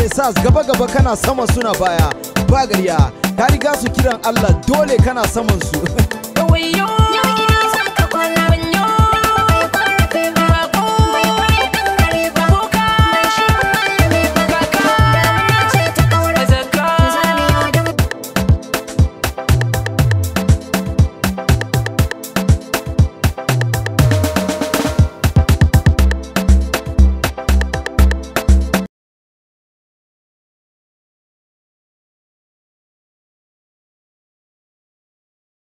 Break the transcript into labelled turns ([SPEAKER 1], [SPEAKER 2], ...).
[SPEAKER 1] je sa gaba gaba kana sama suna baya ba gariya ka riga su kiran Allah dole kana saman su